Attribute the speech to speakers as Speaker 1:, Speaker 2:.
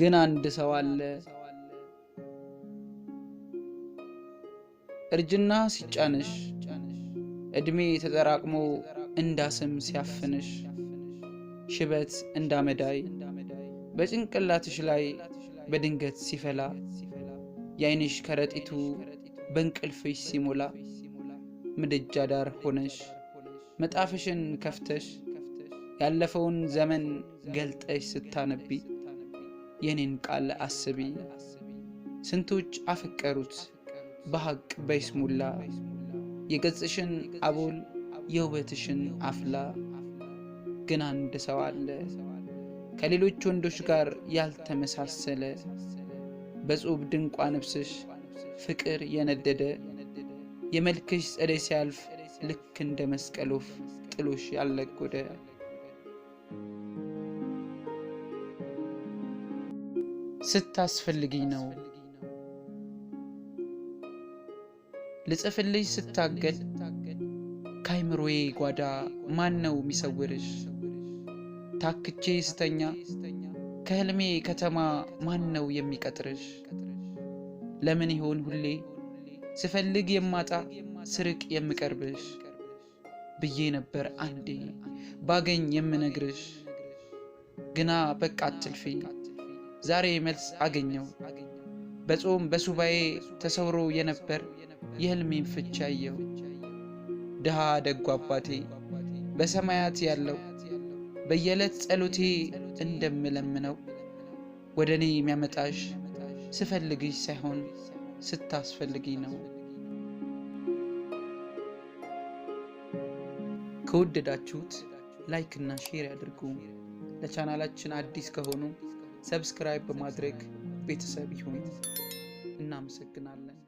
Speaker 1: ግን አንድ ሰው አለ። እርጅና ሲጫንሽ፣ እድሜ ተጠራቅሞ እንዳስም ሲያፍንሽ፣ ሽበት እንዳመዳይ በጭንቅላትሽ ላይ በድንገት ሲፈላ፣ የአይንሽ ከረጢቱ በእንቅልፍሽ ሲሞላ፣ ምድጃ ዳር ሆነሽ መጣፍሽን ከፍተሽ ያለፈውን ዘመን ገልጠሽ ስታነቢ የኔን ቃል አስቢ። ስንቶች አፈቀሩት በሐቅ በይስሙላ የገጽሽን አቦል የውበትሽን አፍላ። ግን አንድ ሰው አለ ከሌሎች ወንዶች ጋር ያልተመሳሰለ በጹብ ድንቋ ነብስሽ ፍቅር የነደደ የመልክሽ ጸደይ ሲያልፍ ልክ እንደ መስቀል ወፍ ጥሎሽ ያለጎደ ስታስፈልግኝ ነው። ልጽፍልሽ ስታገል ከአይምሮዬ ጓዳ ማን ነው የሚሰውርሽ? ታክቼ ስተኛ ከህልሜ ከተማ ማን ነው የሚቀጥርሽ? ለምን ይሆን ሁሌ ስፈልግ የማጣ ስርቅ የምቀርብሽ? ብዬ ነበር አንዴ ባገኝ የምነግርሽ፣ ግና በቃ አትልፊ ዛሬ መልስ አገኘው። በጾም በሱባኤ ተሰውሮ የነበር የህልሜን ፍቻ አየው። ድሃ ደጉ አባቴ በሰማያት ያለው በየዕለት ጸሎቴ እንደምለምነው ወደ እኔ የሚያመጣሽ ስፈልግሽ ሳይሆን ስታስፈልግኝ ነው። ከወደዳችሁት ላይክ እና ሼር ያድርጉ። ለቻናላችን አዲስ ከሆኑ ሰብስክራይብ በማድረግ ቤተሰብ ይሁን። እናመሰግናለን።